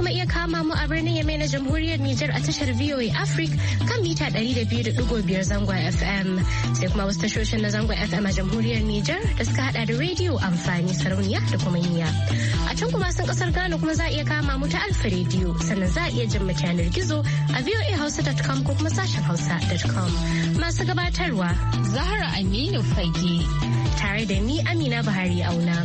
kuma iya kama mu a birnin Yamai na Jamhuriyar Nijar a tashar VOA Africa kan mita 200.5 zangon FM. Sai kuma wasu tashoshin na zangon FM a Jamhuriyar Nijar da suka hada da rediyo amfani sarauniya da kuma niya. A can kuma sun kasar Ghana kuma za a iya kama mu ta Alfa rediyo sannan za a iya jin mu yanar gizo a voahausa.com ko kuma sashen hausa.com. Masu gabatarwa Zahra Aminu Fage. Tare da ni Amina Buhari Auna.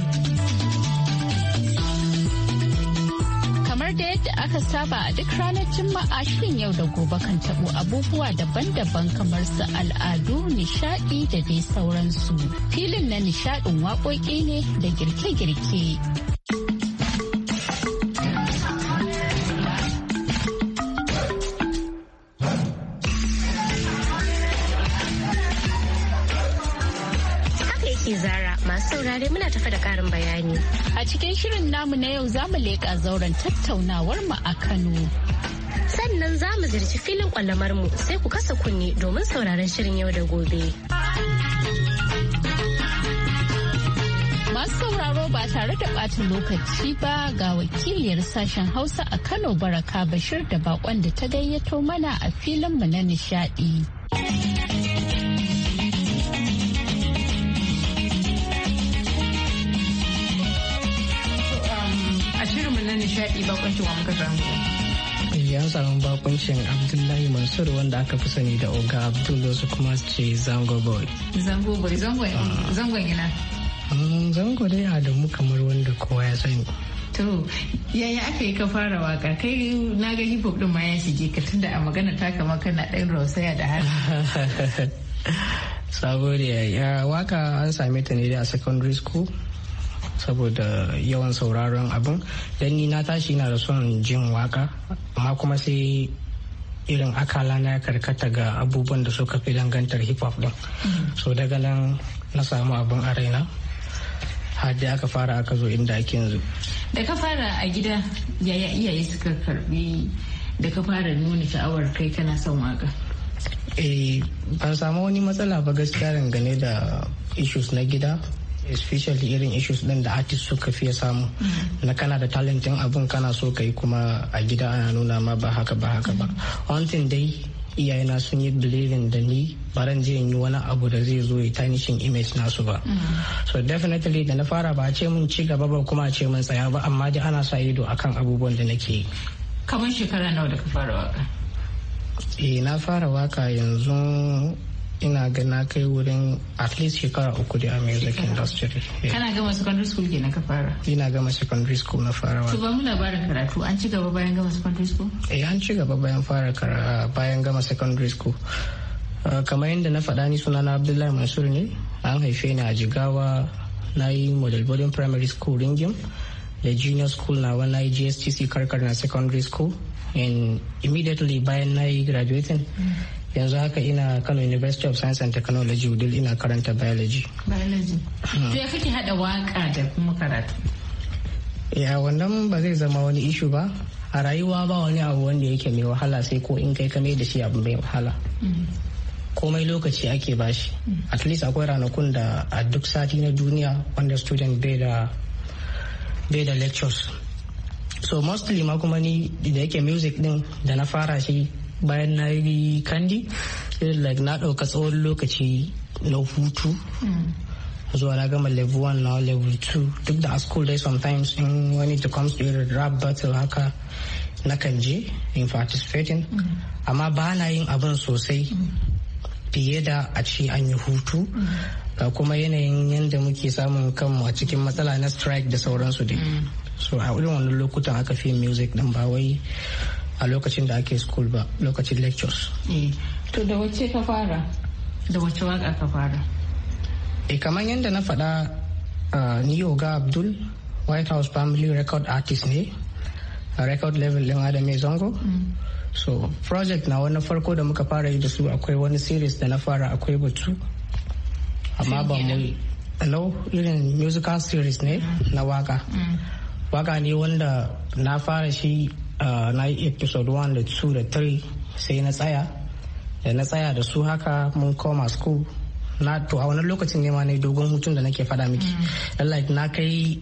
da yadda aka saba a duk ranar Juma'a shirin yau da gobe kan tabo abubuwa daban-daban kamar su al'adu, nishadi da dai sauransu. Filin na nishadin waƙoƙi ne da girke-girke. dare muna tafa da karin bayani. A cikin shirin namu na yau zamu leƙa zauren tattaunawar mu a Kano. Sannan za mu zirci filin kwallamar mu sai ku kasa kunne domin sauraron shirin yau da gobe. Masu sauraro ba tare da ɓata lokaci ba ga wakiliyar sashen Hausa a Kano Baraka Bashir da bakon da ta gayyato mana a filin mu na nishaɗi. nishadi daɗi bakuncin wa muka samu. ya samu bakuncin abdullahi mansur wanda aka fi sani da oga abdul wasu kuma ce zango boy zango boy zangon ah. yana ah, zango dai adamu kamar wanda kowa ya sani to yaya aka yi ka fara waka kai na ga hip hop din ma ya shige ka tunda a magana ta kama kana ɗan rausaya da har saboda ya waka an same ta ne da a secondary school saboda yawan sauraron abin don ni na tashi na da son jin waka amma kuma sai irin akala na karkata ga abubuwan da suka fi dangantar hip hop din mm-hmm. so daga nan na samu abin a raina har da aka fara aka zo inda ake yanzu da ka fara a gida yaya iyaye suka karbi da ka fara nuna sha'awar kai kana son waka eh ban samu wani matsala ba gaskiya dangane da issues na gida especially irin issues din da artist suka fiye samu na kana da talentin abun kana so ka yi kuma a gida ana nuna ma ba haka ba haka ba one thing dai iyayena sun yi believing da ni baran zai yi wani abu da zai zo ya tanishin image nasu ba so definitely da na fara ba a ce mun ci gaba ba kuma a ce mun tsaya ba amma dai ana sa ido akan abubuwan da nake yi kamar shekara nawa da ka fara waka eh na fara waka yanzu ina ga na kai wurin at least shekara uku da a music industry kana gama secondary school ke na ka fara ina gama secondary school na fara to Tuba mu labarin karatu an ci gaba bayan gama secondary school eh an ci gaba bayan fara bayan gama secondary school uh, kamar yadda na faɗa ni sunana abdullahi mansur ne an haife ni a jigawa na yi model boarding primary school ringim da junior school na wani yi gstc karkar na secondary school and immediately bayan na yi graduating mm. yanzu haka ina Kano University of Science and Technology Udil ina karanta biology. Biology. To ya kake hada waka da kuma karatu? Ya wannan ba zai zama wani ishu ba. A rayuwa ba wani abu wanda yake mai wahala sai ko in kai kame da shi abu mai wahala. Mm-hmm. komai lokaci ake bashi at least akwai ranakun da a duk sati na duniya wanda student bai da bai da lectures so mostly ma kuma ni da yake music din da na fara shi bayan na yi kandi irin like na ɗauka tsawon lokaci na hutu hmm. zuwa na gama level 1 na level 2 duk da a school dai sometimes in when it comes to a rap battle haka na kan je in participating hmm. amma ba na yin abin sosai hmm. fiye da a ce an yi hutu ga kuma yanayin yadda muke samun kanmu a cikin matsala na strike da sauransu dai so a wani lokutan aka fi music din ba wai a lokacin da ake school ba lokacin lectures eh, to da wacce ka fara da wacce waka ka fara e kamar yadda na faɗa ni yoga abdul white house family record artist ne a record level ɗin adam zango mm. so project na wani farko da muka fara yi da su akwai wani series da na fara akwai batu amma ba mu hello irin musical series ne mm. na waka mm. waka ne wanda na fara shi Uh, na yi episode 1 da 2 da 3 sai na tsaya da na tsaya da su haka mun koma school na to a wani lokacin ne ma na dogon hutun da nake fada miki mm. lallai na kai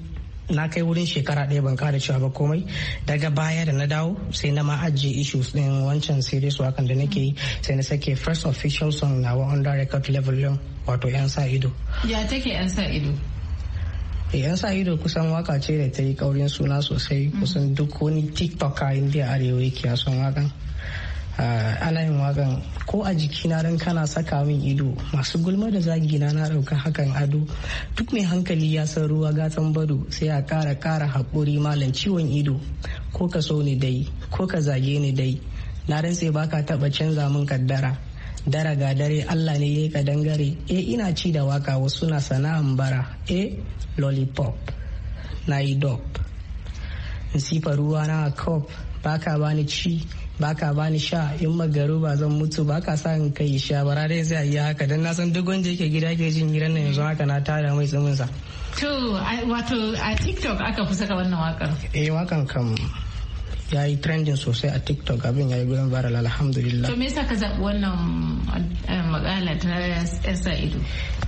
na kai wurin shekara ɗaya ban kara cewa ba komai daga baya da na dawo sai na ma ajiye issues din wancan series wakan da nake yi sai na sake first official song na wa under record level yau wato yan sa ido ya take yan sa ido yan sa ido kusan waka ce da ta yi kaurin suna sosai mm. kusan duk wani tiktok a indiya arewa yake son wakan ah, ana yin wakan ko a jiki na don kana saka min ido masu gulma da zagi na na ɗauka hakan ado duk mai hankali ya san ruwa gatan bado sai a kara kara hakuri malam ciwon ido ko ka so ni dai ko ka zage ni dai na sai baka taɓa canza min kaddara dara ga dare Allah ne yayi kadangare e ina ci da waka wasu na sana'an bara e lollipop na yi dop sifa ruwa na a cup baka bani ci baka bani sha in magaru ba zan mutu baka sa in kai sha bara dai sai yi haka dan na san duk wanda yake gida ke jin hirar nan yanzu haka na tada mai tsumin to wato a tiktok aka fi saka wannan wakar eh wakan kam ya yi trending sosai a tiktok abin ya yi gudun viral alhamdulillah to me yasa ka zaɓi wannan eh, makala ta sa ido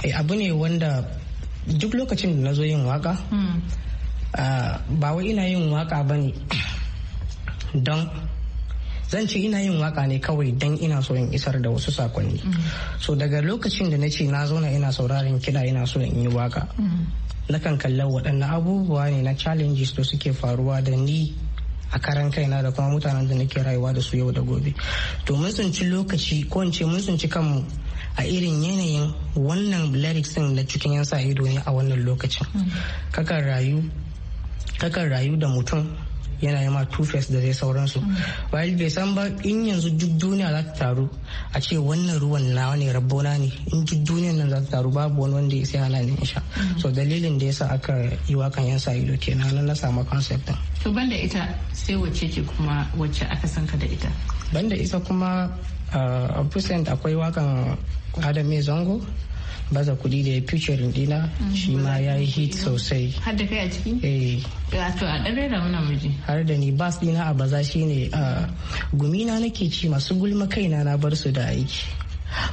eh, abu ne wanda duk lokacin da na yin waka hmm. ah, ba wai ina yin waka ba don zan ce ina yin waka ne kawai don ina so in isar da wasu sakonni hmm. so daga lokacin da na ce na zauna ina sauraron kiɗa ina so in yi waka hmm. nakan kallon waɗannan abubuwa ne na challenges da suke faruwa da ni a karan kaina da kuma mutanen da nake rayuwa da su yau da gobe to mun tsinci lokaci ko in ce mun tsinci kanmu a irin yanayin wannan lyrics din na cikin yan sa ido ne a wannan lokacin mm. kakan rayu kakan rayu da mutum yana yi ma two face da zai sauransu Wai bai san ba in yanzu duk duniya za ta taru a ce wannan ruwan nawa ne rabona ne in duk duniyan nan za ta taru babu wani wanda ya sai hana ne in sha so dalilin da yasa aka yi wakan yan sa ido kenan nan na samu concept din to banda ita sai wacce ke kuma wacce aka san ka da ita banda ita kuma ah, a akwai wakan adam mai zango baza kuɗi da ya featuring dina mm. shi ma ya yi hit sosai har da kai a ciki eh. to a dare da muna miji har da ni bas dina a baza shi ne. gumina nake ci masu gulma kaina na bar su da aiki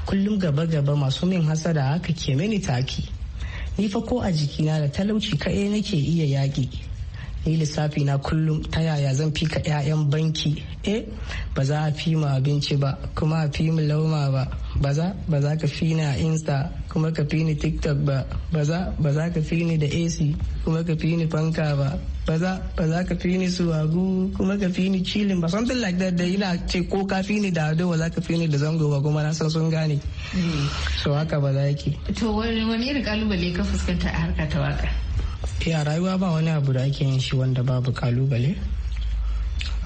kullum gaba gaba masu min hasada haka ke mini taki ni fa ko a jikina da talauci kaɗai nake iya yaƙi ni lissafi na kullum ta yaya zan fi ka 'ya'yan banki eh ba za a fi mu abinci ba kuma a fi mu lauma ba ba za ba za ka fi na insta kuma ka fi ni tiktok ba baza baza ka fi ni da ac kuma ka fi ni fanka ba baza baza ka fi ni suwagu kuma ka fi ni chilin ba something like that da ina ce ko ka fi ni da ado za ka fi ni da zango ba kuma na san sun gane mm. so haka ba za ki to wani irin kalubale ka fuskanta a harka ta waka ya eh, rayuwa ba wani abu da ake yin shi wanda babu kalubale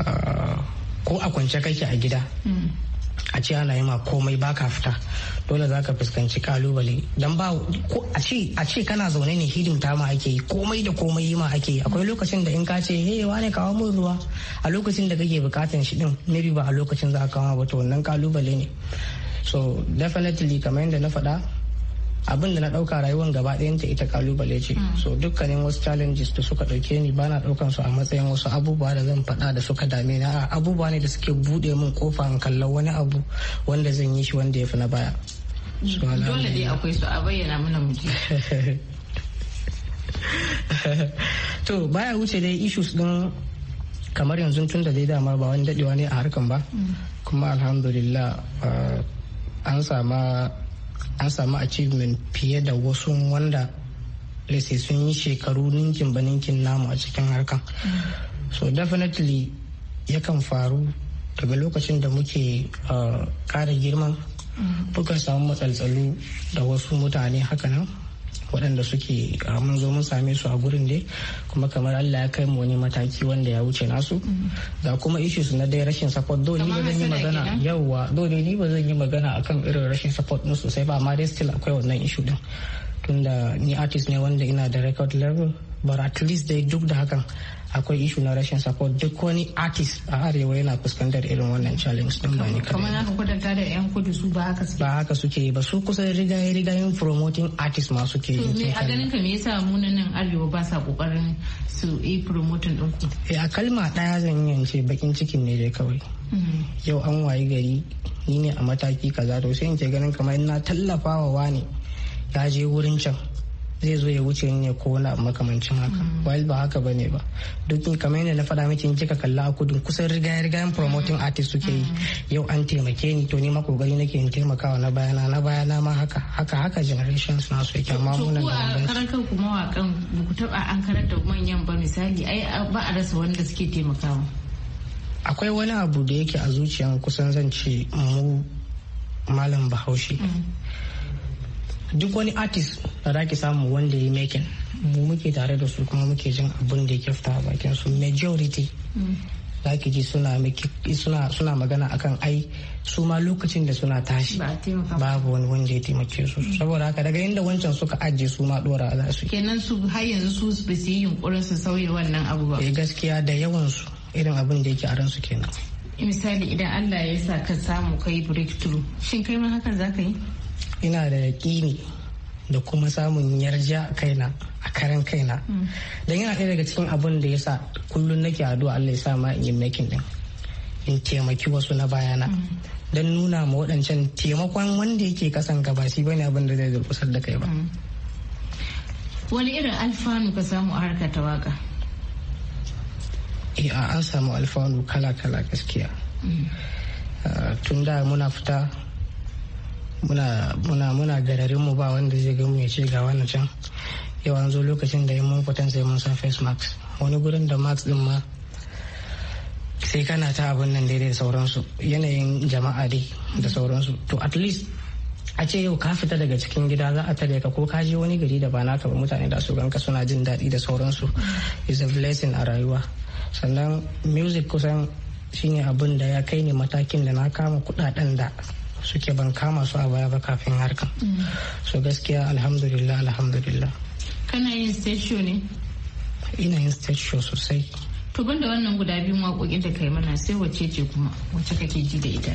ah, ko a kwance kake a gida mm. a ce ana yi ma komai baka fita dole za ka fuskanci kalubale don ba a ce kana zaune ne hidimta ma ake yi komai da komai yi ma ake yi akwai lokacin da in ka ce hey wane kawo mun ruwa a lokacin da kake bukatan shi din ne ba a lokacin za ka kama ba to wannan kalubale ne so definitely kamar yadda na faɗa abin da na ɗauka rayuwar gaba ɗayanta ita kalubale ce hmm. so dukkanin wasu challenges da suka dauke ni ba na daukan su a matsayin wasu abubuwa da zan faɗa da suka dame ni a abubuwa ne da suke bude min kofa in kallon wani abu wanda zan yi shi wanda ya fi na baya dole dai akwai su a bayyana mana muji to baya wuce dai issues din kamar yanzu tun da dai damar ba wani dadewa ne a harkan ba hmm. kuma alhamdulillah ah, an sama an samu achievement fiye da wasu wanda lese sun yi shekaru ninkin ba ninkin namu a cikin harkan so definitely yakan faru daga lokacin da muke kara uh, girman mukan samu matsaltsalu da wasu mutane hakanan waɗanda suke mun zo mun same su a gurin dai kuma kamar Allah ya kai mu wani mataki wanda ya wuce nasu ga kuma issues na dai rashin support do ni ba zan yi magana yawwa do ni ba zan yi magana akan irin rashin support din sosai ba amma dai still akwai wannan issue din tunda ni artist ne wanda ina da record level but at least dai duk da hakan akwai ishu na rashin support duk wani artist a arewa yana fuskantar irin wannan challenge din ba kamar na ku da yan kudu su ba haka suke ba haka suke ba su kusa riga riga yin promoting artist ma suke yi to me a ganin ka me yasa munanan arewa ba sa kokarin su yi promoting din ku eh a kalma daya zan yi ce bakin cikin ne dai kawai mm-hmm. yau an wayi gari ni ne a mataki kaza to sai in ke ganin kamar na tallafawa wani ya je wurin can zai zo ya wuce ne ko makamancin haka mm. while ba haka bane ba duk kamar yadda na faɗa miki in kika kalla a kudin kusan riga riga promoting artist suke yi mm. yau an taimake ni to ni ma kokari nake in taimakawa na bayana na bayana ma haka haka haka generations na su yake amma mun nan karan kanku ba ku taba an karar da manyan ba misali ai ba a rasa wanda suke taimakawa akwai wani abu da yake a zuciyan kusan zan ce mu malam bahaushe mm. duk wani artist da za ki samu wanda ya mekin mu muke tare da su kuma muke jin abin da ya fita a bakin su majority za ki ji suna magana akan ai su ma lokacin da suna tashi babu wani wanda ya taimake su saboda haka daga inda wancan suka ajiye su ma dora za su kenan su har yanzu su ba su yi yunkurin su sauya wannan abu ba eh, gaskiya da yawan su irin abin da yake a ransu kenan misali idan Allah ya sa ka samu kai breakthrough shin kai ma hakan za ka yi ina da yaƙini da kuma samun yarja kaina a karan kaina mm. don yana ɗaya daga cikin abin da ya sa kullum nake addu'a Allah ya sa ma in yi makin din in taimaki wasu na bayana mm. don nuna ma waɗancan taimakon wanda yake kasan gaba shi bane abin da zai durkusar da kai ba mm. wani irin alfanu ka samu a harkar ta waka eh, a an samu alfanu kala kala gaskiya ah, tun da muna fita muna muna gararin mu ba wanda zai gamu ya ce ga wannan can yawan zo lokacin da yin mun kwatan sai mun san face mask wani gurin da mask din ma sai kana ta abin nan daidai da sauransu yanayin jama'a dai da sauransu to at least a ce yau ka fita daga cikin gida za a tare ka ko ka je wani gari da ba naka ba mutane da su ganka suna jin daɗi da sauransu is a blessing a rayuwa sannan music kusan shine abin da ya kai ni matakin da na kama kudaden da suke ban kama su a baya ba kafin harka so gaskiya alhamdulillah alhamdulillah kana yin stage show ne ina yin stage show sosai to banda wannan guda biyun waƙoƙin da kai mana sai wacce ce kuma wacce kake ji da ita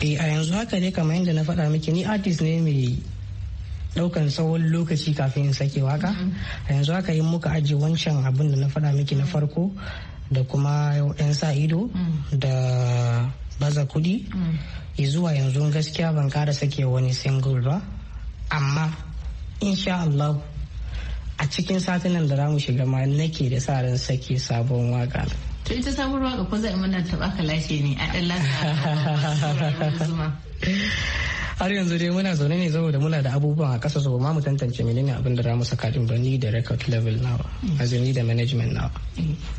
eh a yanzu haka ne kamar yadda na faɗa miki ni artist ne mai daukan tsawon lokaci kafin in sake waka mm-hmm. a yanzu haka in muka ajiye wancan abin da na faɗa miki na farko da kuma 'yan sa ido mm. da baza kudi mm. zuwa yanzu gaskiya ban kara sake wani single ba amma insha Allah a cikin satinan da za mu shiga ma nake da sa ran sake sabon waka to ita sabon waka ko zai mana taba ka lashe ne a dan lasa har yanzu dai muna zaune ne saboda muna da abubuwan a kasa so mu tantance menene abin da za mu saka din ba ni da record level nawa azumi da management nawa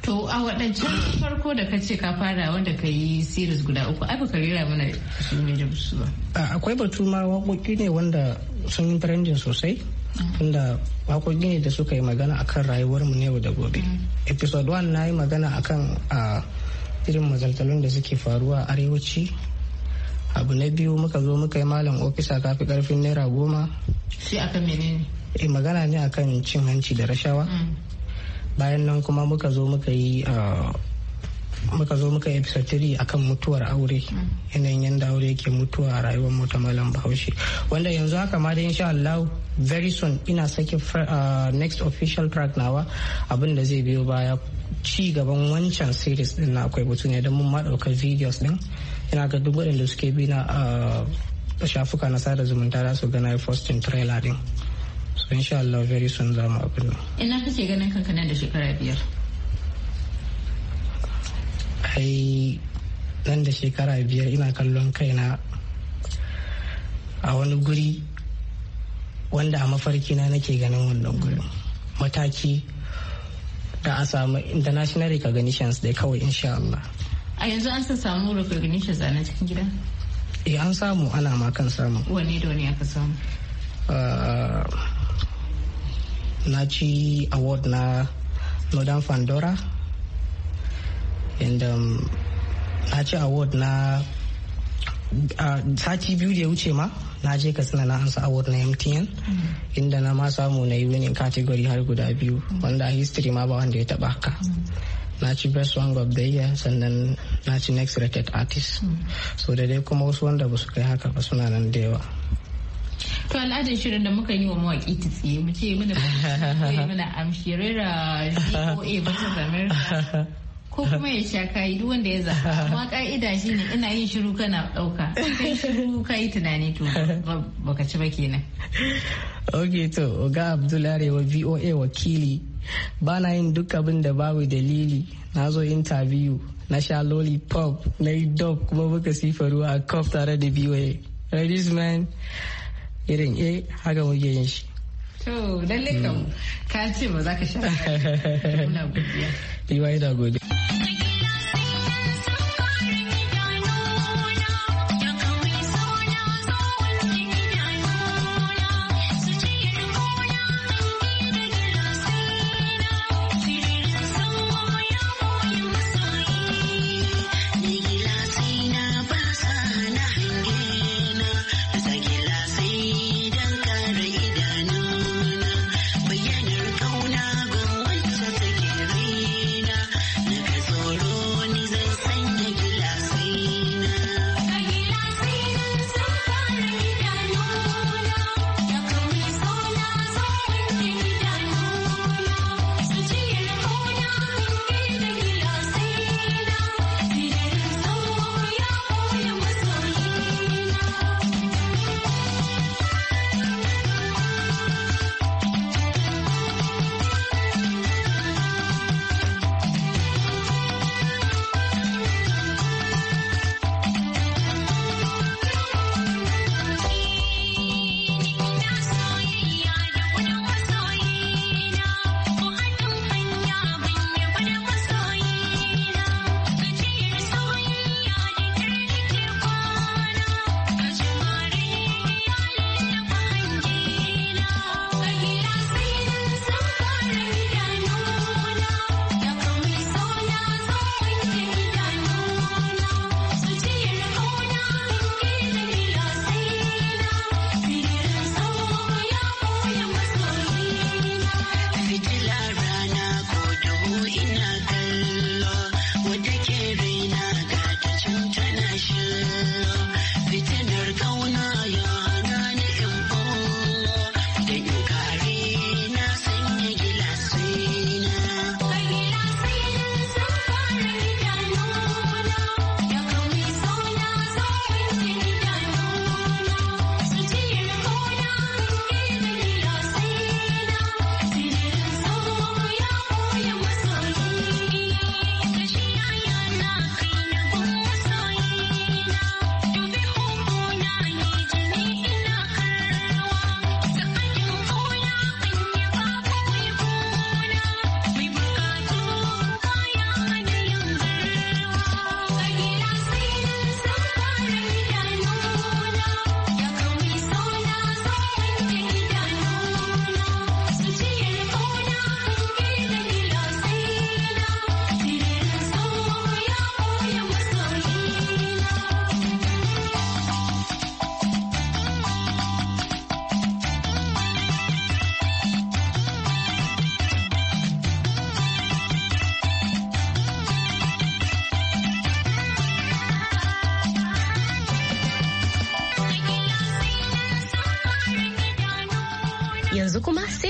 to a waɗancan farko da kace ka fara wanda ka yi series guda uku ai baka rera mana su ne da su ba akwai batu ma waƙoƙi ne wanda sun yi trending sosai tunda waƙoƙi ne da suka yi magana akan rayuwarmu mu ne da gobe mm. episode 1 na yi magana akan irin mazaltalun da suke faruwa a arewaci abu na biyu muka zo muka yi malam ofisa kafi karfin naira goma shi akan menene eh, magana ne akan cin hanci da rashawa mm. bayan nan kuma muka zo muka yi ah, muka zo muka yi a akan mutuwar aure mm. yanayin yadda aure yake mutuwa a rayuwar mu ta malam bahaushe wanda yanzu haka ma da insha Allah very soon ina sake ah, next official track nawa abin da zai biyo baya ci gaban wancan series din na akwai butu ne don mun ma daukar videos din ina ga duk waɗanda suke bi na a shafuka na sada zumunta za su gana postin trailer din so insha Allah very soon za mu abin ina kake ganin kanka nan da shekara biyar ai nan da shekara biyar ina kallon kaina a wani guri wanda a mafarki na nake ganin wannan guri mataki da a samu international recognitions dai kawai insha Allah a yanzu an san samu recognition zane cikin gida e an samu ana ma kan samu wani da wani aka samu ah, na ci award na northern Fandora and um, na ci award na uh, sati biyu da ya wuce ma na je ka suna na hansa award na mtn mm-hmm. inda na ma samu na yi winning category har guda biyu wanda history ma ba wanda ya taba haka mm-hmm. na ci best song of the year sannan na ci next rated artist hmm. so da dai kuma wasu wanda ba su kai haka ba suna nan da yawa to al'adar shirin da muka yi wa mawaƙi ta tsaye mu ce mana mana amshirira voa versus america ko kuma ya sha kayi duk wanda ya zaba amma ka'ida shi ne ina yin shiru kana ɗauka kai shiru kayi tunani to baka ci ba kenan ok to oga abdullahi wa voa wakili ba na yin duk abin da babu dalili na zo interview na sha lollipop na yi dub kuma muka sifa ruwa a cup tare da biwaye ladies man irin a haka muke yin shi to lalle kam ka ce ba za ka sha kula godiya biwaye da godiya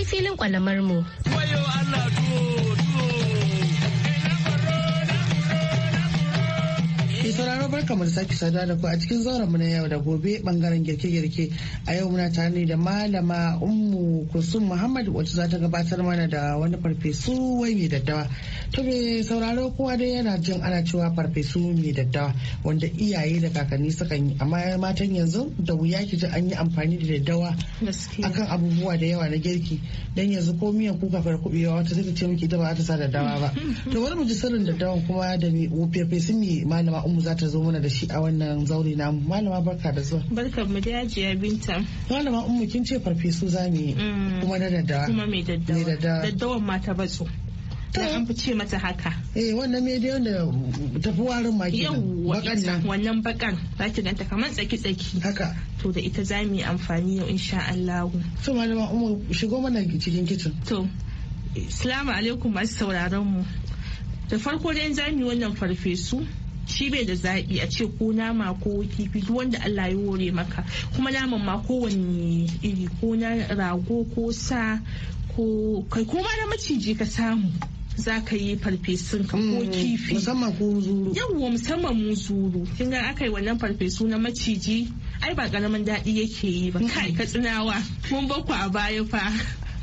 filin kwalamar mu. sauraro barka mu da sake sada da ku a cikin zauren mu na yau da gobe bangaren girke-girke a yau muna tare ne da malama ummu kusum muhammad wacce za ta gabatar mana da wani farfesu wai mai daddawa to me sauraro kowa dai yana jin ana cewa farfesu mai daddawa wanda iyaye da kakanni suka yi amma matan yanzu da wuya ki ji an yi amfani da daddawa akan abubuwa da yawa na girki dan yanzu ko miyan kuka fara kubewa wata sai ta ce miki ita ba ta sa daddawa ba to wani mu ji sirrin daddawan kuma da me farfesu mai malama ummu za ta zo mana da shi a wannan zaure namu malama barka da zuwa barka mu da yajiya binta malama ummu kin ce farfesu za mu yi mm. kuma na daddawa kuma mai daddawa daddawan mata ta batso dan eh. an fi ce mata haka eh wannan media da tafi warin maki bakan nan wannan bakan zaki ganta kamar tsaki tsaki haka to da ita za mu yi amfani yau insha Allah to malama umar shigo mana cikin kitchen to assalamu alaikum masu sauraron mu da farko dai za mu yi wannan farfesu shi bai da zaɓi a ce ko nama ko kifi duk wanda Allah ya wore maka kuma naman ma kowanne iri ko na rago ko sa ko kai ko ma na maciji ka samu za ka yi farfesun ka ko mm, kifi musamman ko zuru yawwa musamman mu zuru kin ga aka yi wannan farfesu na maciji ai ba karamin daɗi yake yi ba kai ka tsinawa mun ku a baya fa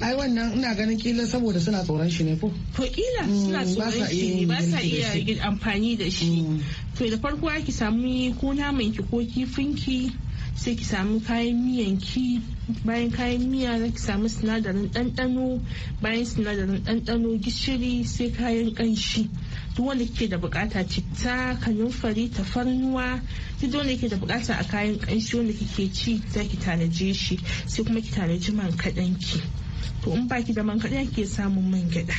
ai wannan ina ganin kila saboda suna tsoron shi ne ko to kila mm, suna tsoron shi ba sa iya amfani da shi mm. to da farko ki sami ko naman ki ko kifin ki sai ki samu kayan miyan ki bayan kayan miya za ki samu sinadarin ɗanɗano bayan sinadarin ɗanɗano gishiri sai kayan ƙanshi duk wanda kike da bukata citta kanumfari tafarnuwa duk wanda ke da bukata a kayan ƙanshi wanda kike ci za ki tanaje shi sai kuma ki tanaji man kaɗan ki to in baki da man kaɗan ki samun man gyaɗa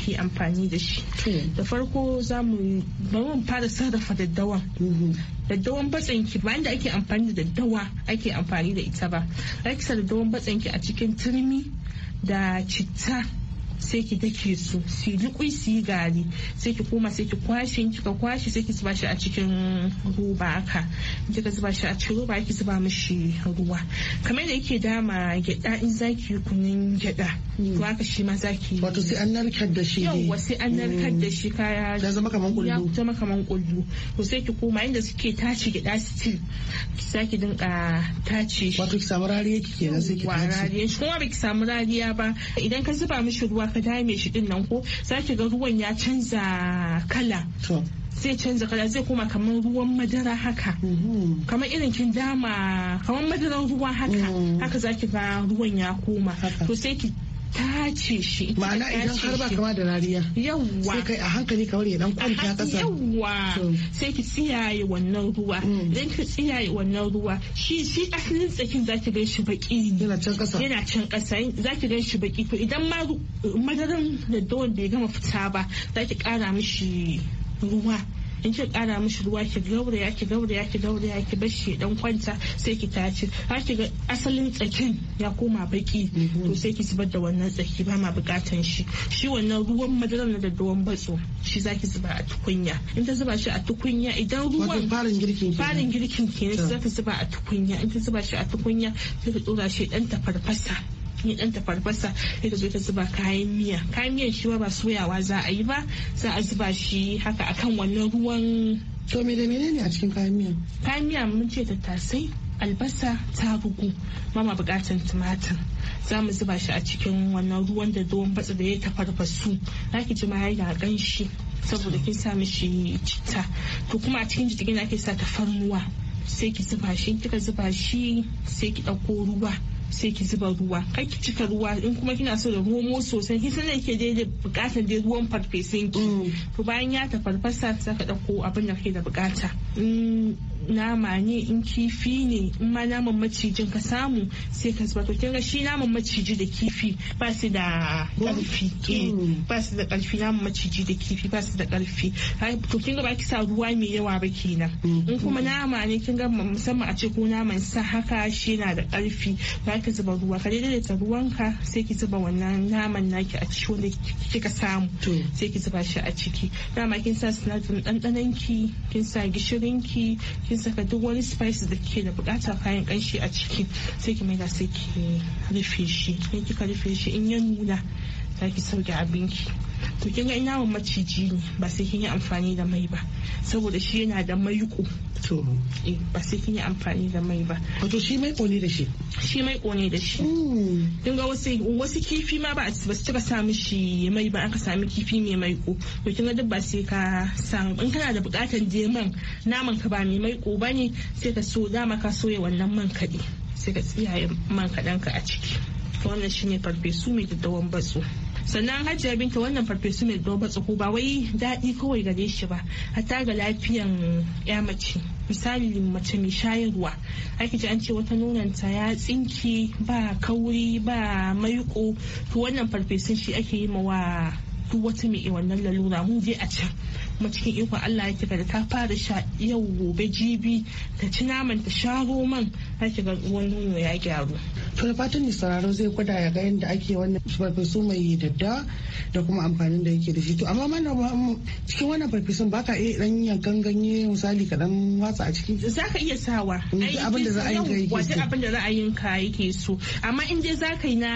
ke amfani da shi da farko za mu bari fara sarrafa daddawa mhm. daddawan batsan ki bayan da ake amfani da daddawa ake amfani da ita ba za daddawan batsan ki a cikin turmi da citta sai ki dake su su liƙui su yi gari sai ki koma sai ki kwashe in kika kwashe sai ki zuba shi a cikin roba haka in kika zuba shi a cikin roba ki zuba mishi ruwa kamar da yake dama gyaɗa in zaki yi kunun gyaɗa to haka shi ma zaki wato sai an narkar da shi yawwa sai an narkar da shi kaya ya zama kamar kullu ya zama kamar kullu to sai ki koma inda suke tace gyaɗa still ki dinka tace shi wato ki samu rariya kike na sai ki tace rariya kuma ba ki samu rariya ba idan ka zuba mishi ruwa ka dame shi din nan ko za ga ruwan ya canza kala zai canza kala zai koma kamar ruwan madara haka mm-hmm. kamar irin kin dama kamar madaran ruwa haka mm. haka zaki ga ruwan ya koma to sai ki tace shi ma'ana idan har ba kama da rariya yawwa sai kai a hankali ka ya dan kwanta kasa yawwa sai ki tsiyaye wannan ruwa mm. idan ki tsiyaye wannan ruwa shi shi asalin tsakin zaki gan shi baki yana can kasa yana can kasa zaki gan shi baki idan ma madarin da wanda ya gama fita ba zaki kara mishi ruwa in ki kara mishi ruwa ki gauraya ki gauraya ki gauraya ki bashi shi dan kwanta sai ki tace har ki ga asalin tsakin ya koma baki to sai ki zubar da wannan tsaki ba ma bukatan shi shi wannan ruwan madarar na daddawan batso shi zaki zuba a tukunya in ta zuba shi a tukunya idan ruwan farin girkin farin girkin kenan ta zuba a tukunya in ta zuba shi a tukunya sai ki dora shi dan tafarfasa ni dan tafarfasa sai ta zo ta zuba kayan miya kayan miyan shi ba soyawa za a yi ba za a zuba shi haka akan wannan ruwan to me da menene a cikin kayan miya kayan miya mun ce tattasai albasa ta bugu mama bukatan tumatir za mu zuba shi a cikin wannan ruwan da don batsa da ya tafarfasu za ki ji ma gan ganshi saboda kin sa mishi citta to kuma a cikin jikin ake sa tafarnuwa sai ki zuba shi kika zuba shi sai ki ɗauko ruwa sai ki zuba ruwa kai ki cika ruwa in kuma kina so da romo sosai kin san yake daidai bukatar da ruwan farfesun ki mm. to bayan ya ta farfasa sai ka dauko abin da kake da bukata nama ne in kifi ne in ma naman macijin ka samu sai ka zuba to kin ga shi naman maciji da kifi ba su da karfi eh, ba su da karfi naman maciji da kifi ba su da karfi to kin ga ba ki sa ruwa mai yawa ba kenan mm. in kuma nama ne kin ga musamman a ce ko naman sa haka shi na da karfi ki zuba ruwa ka daidaita ruwanka sai ki zuba wannan naman naki a ciki wanda kika samu sai ki zuba shi a ciki dama kin sa sinadarin ɗanɗanon ki kin sa gishirin ki kin saka duk wani spices da kike da bukata kayan kanshi a ciki sai ki da sai ki rufe shi in kika rufe shi in ya nuna zaki ki sauke abinki to kin ga in yawon maciji ne ba sai kin yi amfani da mai ba saboda shi yana da maiko to eh, ba sai kin yi amfani da mai ba wato shi mai ne da shi shi mai ne da shi hmm. kin ga wasu wasu kifi ma ba a ba su cika samu shi mai ba aka sami kifi mai maiko to kin ga duk ba sai ka san in kana da bukatar jeman naman ka ba mai maiko bane sai ka so dama ka soya wannan man kaɗi sai ka tsiyaye man kaɗan ka a ciki wannan shine farfesu mai daddawan batsu. sannan hajiya binta wannan farfesu mai doba tsoho ba wai daɗi kawai gare shi ba hatta ga lafiyan ya mace misali mace mai shayarwa ake ji an ce wata nonanta ya tsinki ba kauri ba maiko to wannan farfesun shi ake yi ma wa duk wata mai wannan lalura mu je a can kuma cikin ikon Allah kika da ta fara sha yau gobe jibi ta ci naman ta sha roman ake ga ruwan nono ya gyaru. To da fatan ne sauraro zai gwada ya ga yadda ake wannan farfesu mai dadda da kuma amfanin da yake da shi. To amma mana um, cikin wannan farfesun baka iya dan yankan ganye misali ka dan watsa a ciki. Za ka iya sawa. Mm, abin da za a yi ka yake so. abin da za a yi ka yake so. Amma in dai za ka yi na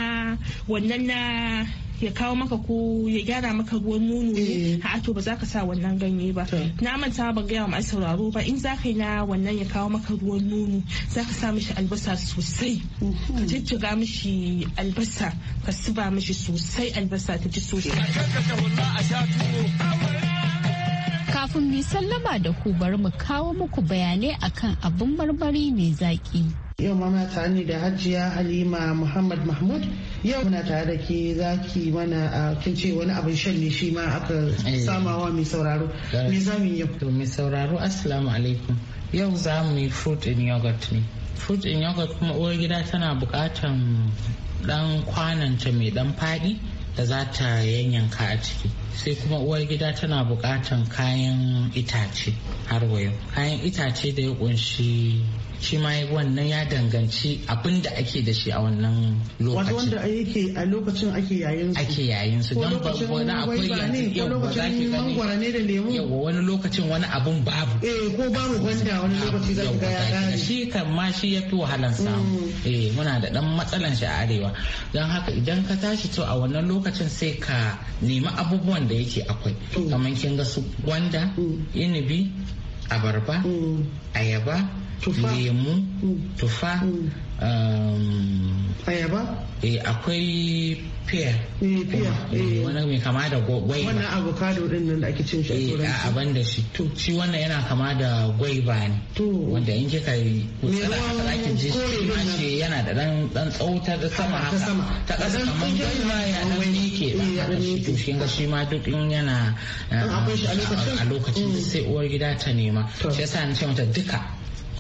wannan na ya kawo maka ko ya gyara maka ruwan nono ne eh. a to ba za ka sa wannan ganye ba na manta ba gaya ma sauraro ba in za ka yi na wannan ya kawo maka ruwan nono za ka sa mishi albasa sosai mhm. ka jijjiga mishi albasa ka suba mishi sosai albasa ta ji sosai kafin mu sallama da ku bari mu kawo muku bayanai akan abun marmari mai zaki yau mama ta ni da hajiya halima muhammad mahmud yau na tare da ke za ki mana kin ce wani abin shan ne shi ma aka eh. samawa mai sauraro me za mu yau to mai sauraro assalamu alaikum yau za mu yi fruit in yogurt ne fruit in yogurt kuma uwar gida tana bukatan dan kwananta mai dan fadi da za ta yanyanka a ciki sai kuma uwar gida tana bukatan kayan itace har wayo kayan itace da ya kunshi shi ma wannan ya danganci abin da ake da shi a wannan lokacin wanda yake a lokacin ake yayin su ake yayin su don ba wani akwai yanzu yau ba za ki gani ne da lemu yau wani lokacin wani abun babu eh ko babu gwanda wani lokaci za ki ga ya shi kan ma shi ya fi wahalan samu mm. eh muna da dan matsalan shi a arewa don haka idan ka tashi to a wannan lokacin sai ka nemi abubuwan da yake akwai mm. kamar kin ga su gwanda mm. inibi abarba ayaba lemu mm. tufa mm. Um, ayaba eh, akwai pear eh, eh, wani mai kama da gwaiba wannan avocado din nan da ake cin shi a abin da shi to shi wannan yana kama da gwaiba ne wanda in kika yi kusa da ake ji shi yana da dan dan tsauta da sama haka ta kasa kamar gwaiba ya ne ke da shi to shi ga shi ma duk in yana a lokacin mm. sai uwar gida ta nema shi yasa ni ce mata duka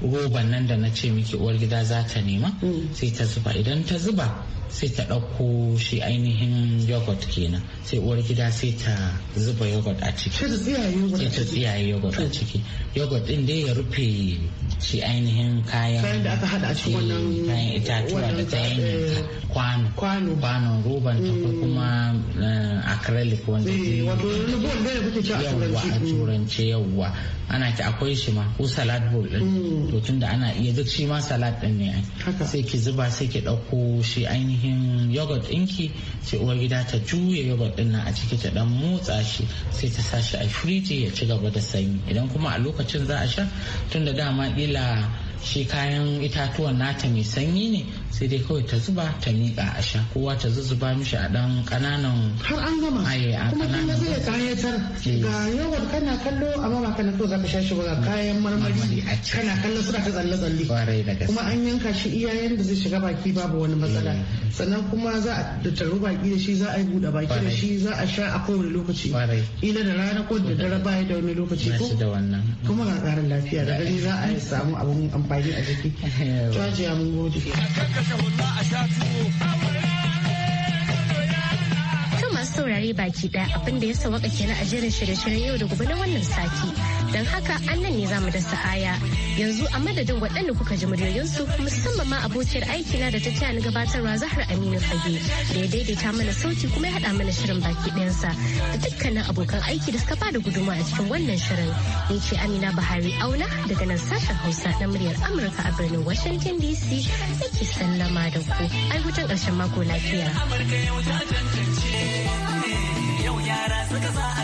roban nan da na ce miki uwar gida za ta nema mm. sai ta zuba idan ta zuba sai ta ɗauko shi ainihin yogurt kenan sai uwar gida sai ta zuba yogurt a ciki sai ta tsiyaye yogurt a ciki yogurt din dai ya rufe shi ainihin kayan da aka hada a cikin wannan itatuwa da ta yi eh, kwano Kwano. Kwano roban ta ko kuma eh, acrylic wanda eh, yawwa a turance yawwa ana ki akwai shi ma ko salad bowl din mm. to tunda ana iya duk shi ma salad din ne sai ki zuba sai ki dauko shi ainihin ainihin yogurt ɗinki sai uwar gida ta juya yogurt ɗin nan a ciki ta dan motsa shi sai ta sa shi a firiji ya ci gaba da sanyi idan kuma a lokacin za a sha tun da dama kila shi kayan itatuwan nata mai sanyi ne sai dai kawai ta zuba ta miƙa a sha kowa ta zuzzuba mishi a dan ƙananan. har an gama yi a kananan kuma zai kayatar ga yawan kana kallo amma ba kana so zaka sha shi ba kayan marmari kana kallo suna ta tsalle tsalle kuma an yanka shi iya da zai shiga baki babu wani matsala sannan kuma za a taru baki da shi za a yi buɗe baki da shi za a sha a kowane lokaci ila da rana ko da dare baya da wani lokaci ko kuma ga ƙarin lafiya da gani za a samu abun amfani a jiki. Jajiya mun gode. kashe hula a sha tuwo. saurari saurare baki daya abin da ya sawaka kenan a jerin shirye-shiryen yau da gobe na wannan sati. Don haka an nan ne zamu dasa aya yanzu a madadin waɗanda kuka ji muryoyinsu musamman ma abokiyar aikina da ta taya ni gabatarwa Zahra Aminu Fage da ya daidaita mana sauki kuma ya haɗa mana shirin baki ɗayansa da dukkanin abokan aiki da suka bada guduma a cikin wannan shirin. Ni ce Amina Bahari Auna daga nan sashen Hausa na muryar Amurka a birnin Washington DC nake sallama da ku. Ai karshen ƙarshen mako lafiya. Amurka yau ta tantance.